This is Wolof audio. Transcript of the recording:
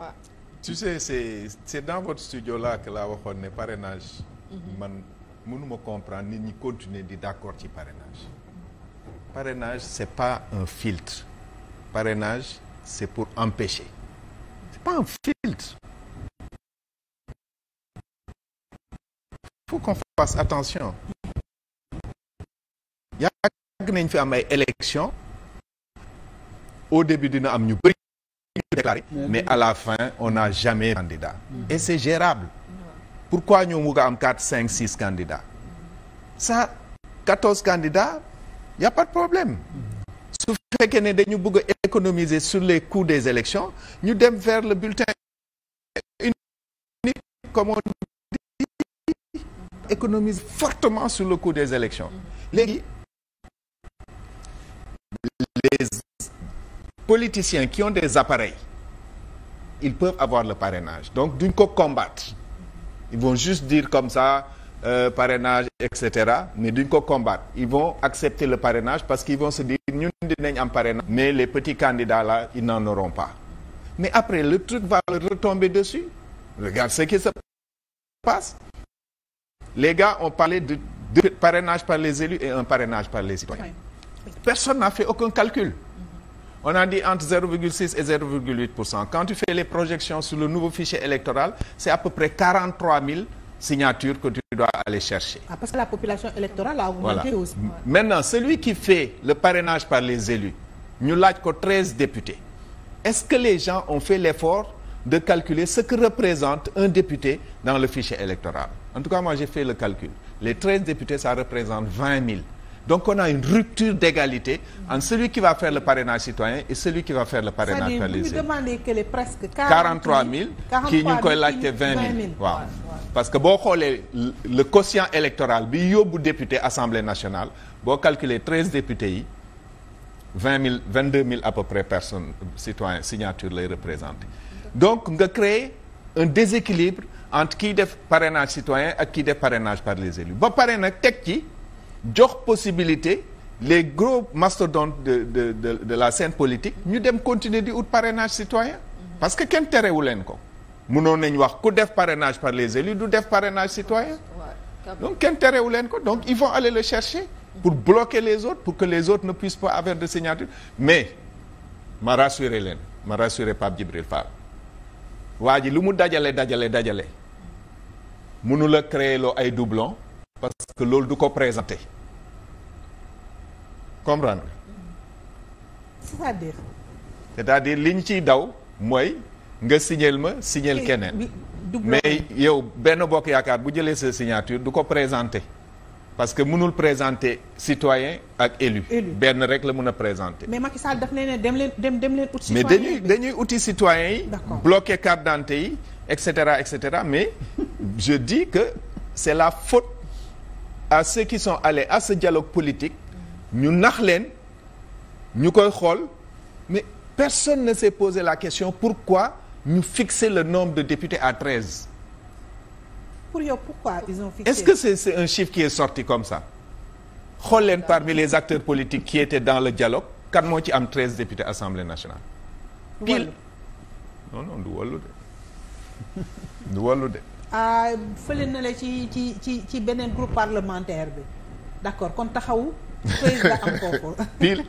waaw tu sais c'est c'est dans votre studio là que laa waxoon ne parrainage. Mhm. man mënuma comprendre nit ñi continuer di d'accord ci parrainage. parenage c'est pa un filtre. parenage c'est pour empêcher. c'est pas un filtre. il faut qu'on fasse attention. yàgg nañ fi am ay élections. au début dina am ñu bëri. déclaré mais à la fin on n'a jamais candidat mm-hmm. et c'est gérable pourquoi ñoom mu quatre cinq six candidats ça quatorze candidats y a pas de problème mm-hmm. su fekkee ne dañu bëgg a économiser sur les coûts des élections ñu dem vers le bulletin unique comme on dit économiser fortement sur le coût des élections mm-hmm. les politiciens qui ont des appareils ils peuvent avoir le parrainage donc duñ ko combattre ils vont juste dire comme ça euh, parrainage et cetera mais duñ ko combattre ils vont accepter le parrainage parce qu'ils vont se dire ñun dinañ am parrainage mais les petits candidats là ils n'en auront pas mais après le truc va retomber dessus regarde ce qui se passe les gars ont parlé de deux parrainages par les élus et un parrainage par les citoyens personne n'a fait aucun calcul on a dit entre 0,6 et 0,8 pour cent quand tu fais les projections sur le nouveau fichier électoral c'est à peu près 43 ah, parce que la population électorale a augmenté voilà. aussi. par les élus ñu laaj ko 13 députés est-ce que les gens ont fait l'effort de calculer ce que un député dans le fichier électoral en tout cas moi j'ai fait le calcul les 13 députés ça représente donc on a une rupture d'égalité entre celui qui va faire le parrainage citoyen et celui qui va faire le parrainage par les élus presque 43 ñu ngi koy laajte 20 000 waaw parce que boo xoolee le quotient électoral bi yóbbu député assemblée nationale boo calculer 13 députés yi 20 000 22 000 à peu près personnes citoyens signature lay représenté donc nga créer un déséquilibre entre kiy def parrainage citoyen ak kiy def parrainage par les élus ba pare nag teg ci jox possibilité les gros mastodontes de de de de la scène politique ñu dem continuer di wut parrainage citoyen parce que kenn terewu leen ko munoon nañ wax ku def parrainage par les élus du def parrainage citoyen donc kenn terewu leen ko donc ils vont aller le chercher pour bloquer les autres pour que les autres ne puissent pas avoir de signature mais ma rassurer leen ma rassurer Pape Djibril Fall waa ji lu mu dajale dajale dajale mënu la créer loo ay doublon parce que loolu du ko présenté comprendre c'est-à-dire c'est-à-dire li ñu ciy daw mooy nga signeel ma signeel keneen mais yow benn bokk yaakaar bu jëlee sa signature du ko présenté parce que mënul présenter citoyen ak élu benn rek la mën a présenter mais Macky Sall daf leen dem leen dem dem leen ut mais dañuy dañuy uti citoyen yi bloqué carte d'identité yi et cetera et cetera mais jeu di que c'est la faute à ceux qui sont allés à ce dialogue politique ñu nax leen ñu koy xool mais personne ne s'est posé la question pourquoi ñu fixer le nombre de députés à treize. pour yow pourquoi ils ont fixé. est-ce que c'est un chiffre qui est sorti comme ça xool leen parmi les acteurs politiques qui étaient dans le dialogue kan moo ci am treize députés assemblée nationale. pile non non du wallu de du wallu de. fële na la ci ci ci ci beneen groupe parlementaire bi d'accord kon taxawu. président am kooku.